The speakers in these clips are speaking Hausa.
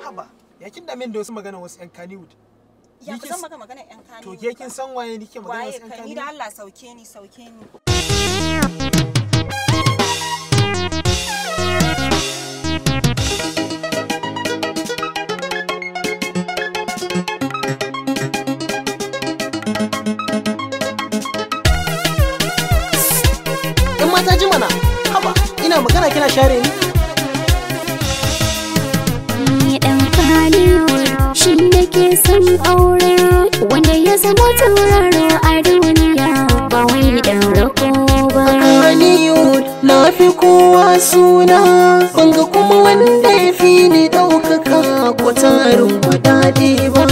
haba ya kin da da wasu magana wasu yan kaniwood ya zan maka magana yan kaniwood to ke kin san waye nike magana wasu yan kaniwood waye da Allah sauke ni sauke ni Yan mata ji mana, haba, ina magana kina share ni? san aure wanda ya zama tauraro a duniya ba wani dan rako ba Aliyu na fi kowa suna banga kuma wanda ya fi ni ɗaukaka ko tarin kuɗaɗe ba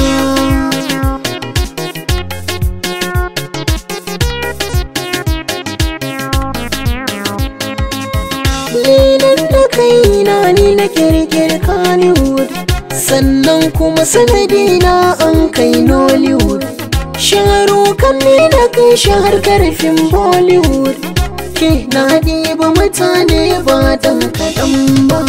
Lailan da kaina ni na kirkir Kannywood sannan kuma sanadina an kai nollywood shaharu kan ne na kai shahar karfin bollywood ke na ba mutane ba dan kaɗan ba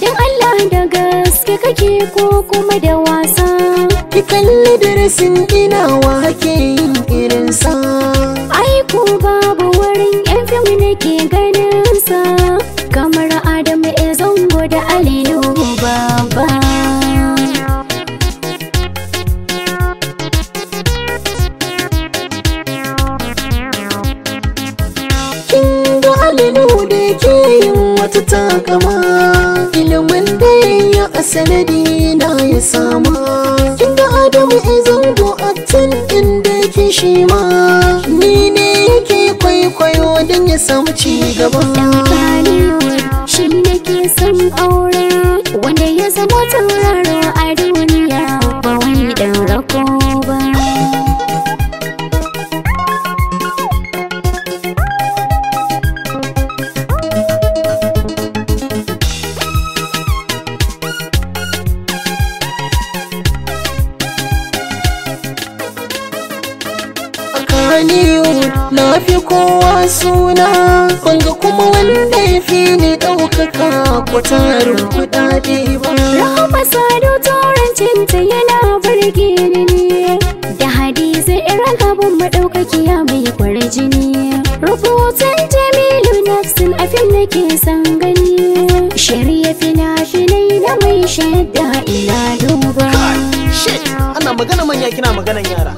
Don da gaske kake ko kuma da wasa ki kalli darasin ina wa ke yin irinsa ai ko babu wurin yan fim nake ganin sa kamar Adamu, e zango da alilu baba kinga alilu da ke yin wata takama ilimin da ya asanadi na ya sama kinga adam e zango a tun inda ke shi ma ni ne zama tauraro a duniya ba wani dan rako ba na fi kowa suna banga kuma wanda ya fi ni ɗau Ka kwatarin kuɗaɗe ba rahama sado turancin cinta yana burge ni ne da hadiza irin abun madaukakiya mai kwarjini rubutun jamilu nafsin afin nake san gani shirya fina-finai na mai shaida ina duba ana magana manya kina maganan yara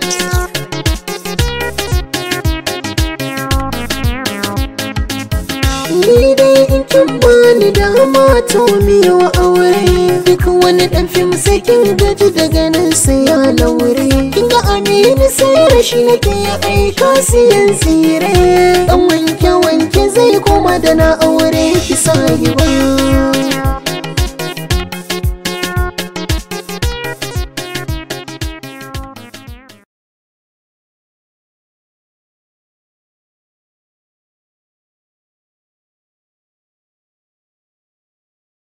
kin bani dama to miyo aure duk wani dan fim sai kin gaji da nan sai ya laure kin ga amini sai shi nake aika siyan tsire dan wanke wanke zai koma da na aure ki sai